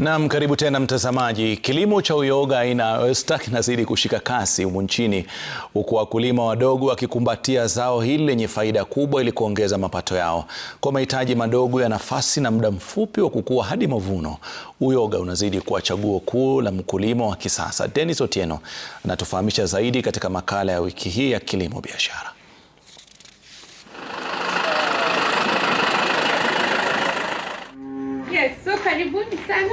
Naam, karibu tena mtazamaji. Kilimo cha uyoga aina ya oyster kinazidi kushika kasi humu nchini huku wakulima wadogo wakikumbatia zao hili lenye faida kubwa ili kuongeza mapato yao. Kwa mahitaji madogo ya nafasi na muda mfupi wa kukua hadi mavuno, uyoga unazidi kuwa chaguo kuu la mkulima wa kisasa. Dennis Otieno anatufahamisha zaidi katika makala ya wiki hii ya Kilimo Biashara. Karibuni sana.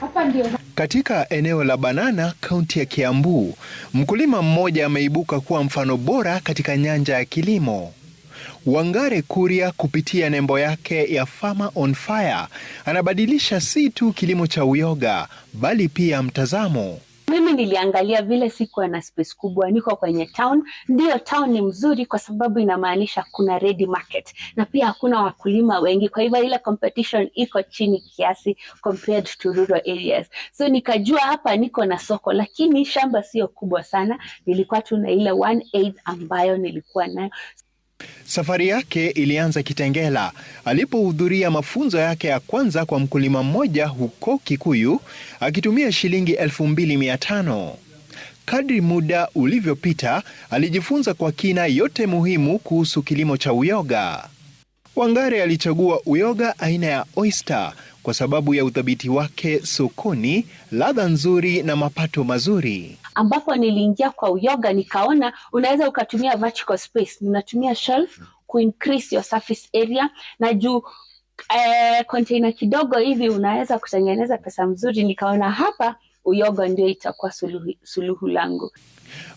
Hapa ndio katika eneo la Banana, kaunti ya Kiambu, mkulima mmoja ameibuka kuwa mfano bora katika nyanja ya kilimo. Wangare Kuria kupitia nembo yake ya Farmer on Fire anabadilisha si tu kilimo cha uyoga bali pia mtazamo. Mimi niliangalia vile sikuwa na space kubwa, niko kwenye town. Ndio, town ni mzuri kwa sababu inamaanisha kuna ready market na pia hakuna wakulima wengi, kwa hivyo ile competition iko chini kiasi compared to rural areas. So nikajua hapa niko na soko, lakini shamba sio kubwa sana, nilikuwa tu na ile one ambayo nilikuwa nayo. Safari yake ilianza Kitengela alipohudhuria mafunzo yake ya kwanza kwa mkulima mmoja huko Kikuyu akitumia shilingi elfu Kadri muda ulivyopita, alijifunza kwa kina yote muhimu kuhusu kilimo cha uyoga. Wangare alichagua uyoga aina ya oyster kwa sababu ya uthabiti wake sokoni, ladha nzuri na mapato mazuri. Ambapo niliingia kwa uyoga, nikaona unaweza ukatumia vertical space, ninatumia shelf ku increase your surface area na juu eh, kidogo hivi unaweza kutengeneza pesa mzuri. Nikaona hapa uyoga ndio itakuwa suluhu langu.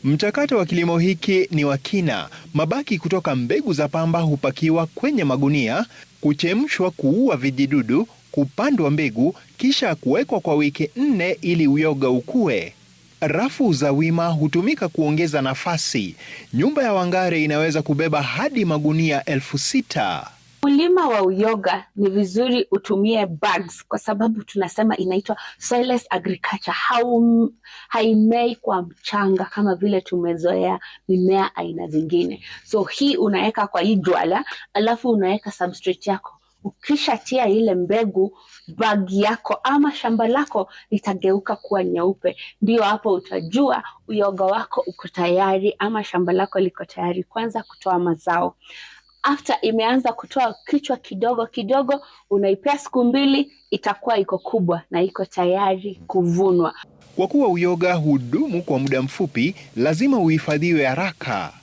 Mchakato wa kilimo hiki ni wa kina. Mabaki kutoka mbegu za pamba hupakiwa kwenye magunia, kuchemshwa kuua vijidudu, kupandwa mbegu kisha kuwekwa kwa wiki nne ili uyoga ukue. Rafu za wima hutumika kuongeza nafasi. Nyumba ya Wangare inaweza kubeba hadi magunia elfu sita. ulima wa uyoga ni vizuri utumie bags kwa sababu tunasema inaitwa soilless agriculture. Haimei kwa mchanga kama vile tumezoea mimea aina zingine. So hii unaweka kwa hii jwala, alafu unaweka substrate yako Ukishatia ile mbegu, bagi yako ama shamba lako litageuka kuwa nyeupe. Ndio hapo utajua uyoga wako uko tayari ama shamba lako liko tayari kwanza kutoa mazao. After imeanza kutoa kichwa kidogo kidogo, unaipea siku mbili, itakuwa iko kubwa na iko tayari kuvunwa. Kwa kuwa uyoga hudumu kwa muda mfupi, lazima uhifadhiwe haraka.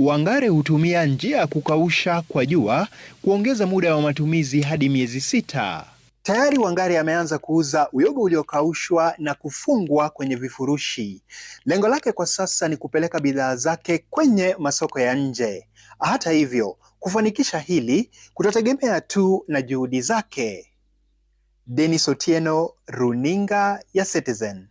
Wangare hutumia njia ya kukausha kwa jua kuongeza muda wa matumizi hadi miezi sita. Tayari Wangare ameanza kuuza uyoga uliokaushwa na kufungwa kwenye vifurushi. Lengo lake kwa sasa ni kupeleka bidhaa zake kwenye masoko ya nje. Hata hivyo, kufanikisha hili kutategemea tu na juhudi zake. Denis Otieno, Runinga ya Citizen.